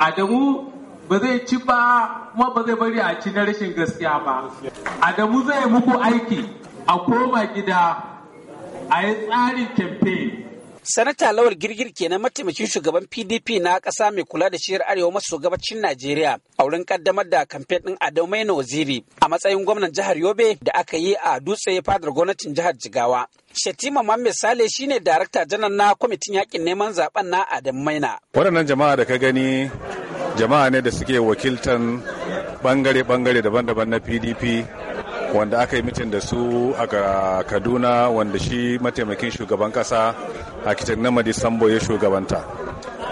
Adamu ba zai ci ba kuma ba zai bari a ci na rashin gaskiya ba. Adamu zai muku aiki a koma gida a yi tsarin campaign Sanata Lawal Girgir kenan mataimakin shugaban PDP na ƙasa mai kula da shiyar Arewa maso gabacin Najeriya a wurin kaddamar da kamfen ɗin Adamu Maina Waziri a matsayin gwamnan jihar Yobe da aka yi a dutse fadar gwamnatin jihar Jigawa. Shatima Muhammad Sale shine darakta janar na kwamitin yakin neman zaɓen na Adamu Maina. Waɗannan jama'a da ka gani jama'a ne da suke wakiltan bangare-bangare daban-daban na PDP wanda aka yi mitin da su a kaduna wanda shi mataimakin shugaban kasa a kitan na sambo ya shugabanta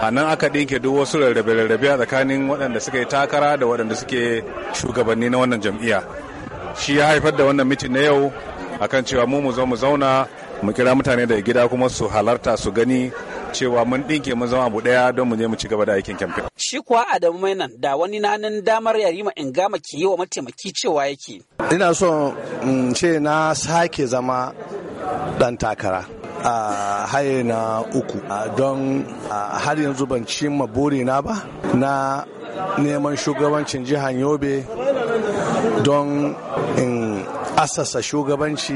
a nan aka ɗinke duk wasu rarrabe-rarrabe a tsakanin waɗanda suka yi takara da waɗanda suke shugabanni na wannan jam'iyya shi ya haifar da wannan mitin na yau akan cewa mu mu zo mu zauna mu kira mutane daga gida kuma su halarta su gani cewa mun ɗinke mun zama abu ɗaya don mu je mu ci gaba da aikin kyamfe. Shi kuwa Adamu Mainan da wani nanin damar Yarima in gama ke yi wa mataimaki cewa yake. Ina so in ce na sake zama ɗan takara. a haye na uku don har yanzu ban cimma burina ba na neman shugabancin jihar yobe don in asasa shugabanci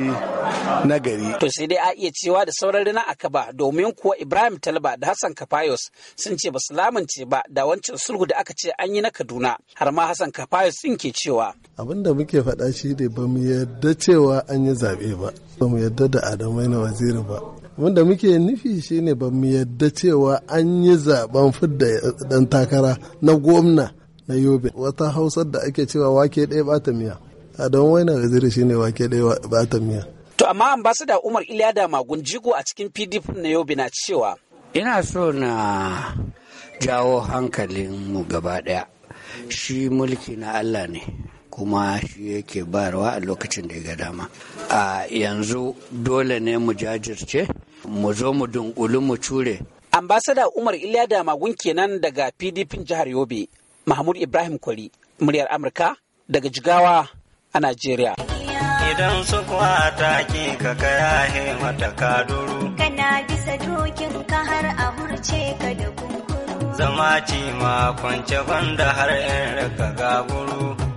na gari. To sai dai a iya cewa da sauran rina akaba ba domin kuwa Ibrahim Talba da Hassan Kafayos sun ce basu lamunce ba da wancan sulhu da aka ce an yi na Kaduna har ma Hassan Kafayos sun ke cewa. Abin da muke faɗa shi ne ba mu yarda cewa an yi zaɓe ba ba mu yarda da Adamai na waziri ba. Abin muke nufi shi ne ba mu yarda cewa an yi zaɓen fidda dan takara na gwamna na Yobe wata hausar da ake cewa wake ɗaya bata miya. a don wainan shi shine wake dai ba ta miya to amma ambasada umar iliyada magun jigo a cikin pdp na yobe na cewa ina so na jawo hankalin mu gaba ɗaya shi mulki na allah ne kuma shi yake bayarwa a lokacin da ya dama a yanzu dole ne mu jajirce mu zo mu dunkulu mu cure ambasada umar iliyada magun kenan daga pdp jihar yobe mahmud ibrahim kwari muryar amurka daga jigawa a Najeriya. Idan su kuwa ta ki ka kaya mata ka duru. Kana bisa dokin ka har a hurce ka da kunkuru. Zama ci ma kwance banda har 'yan raka gaburu.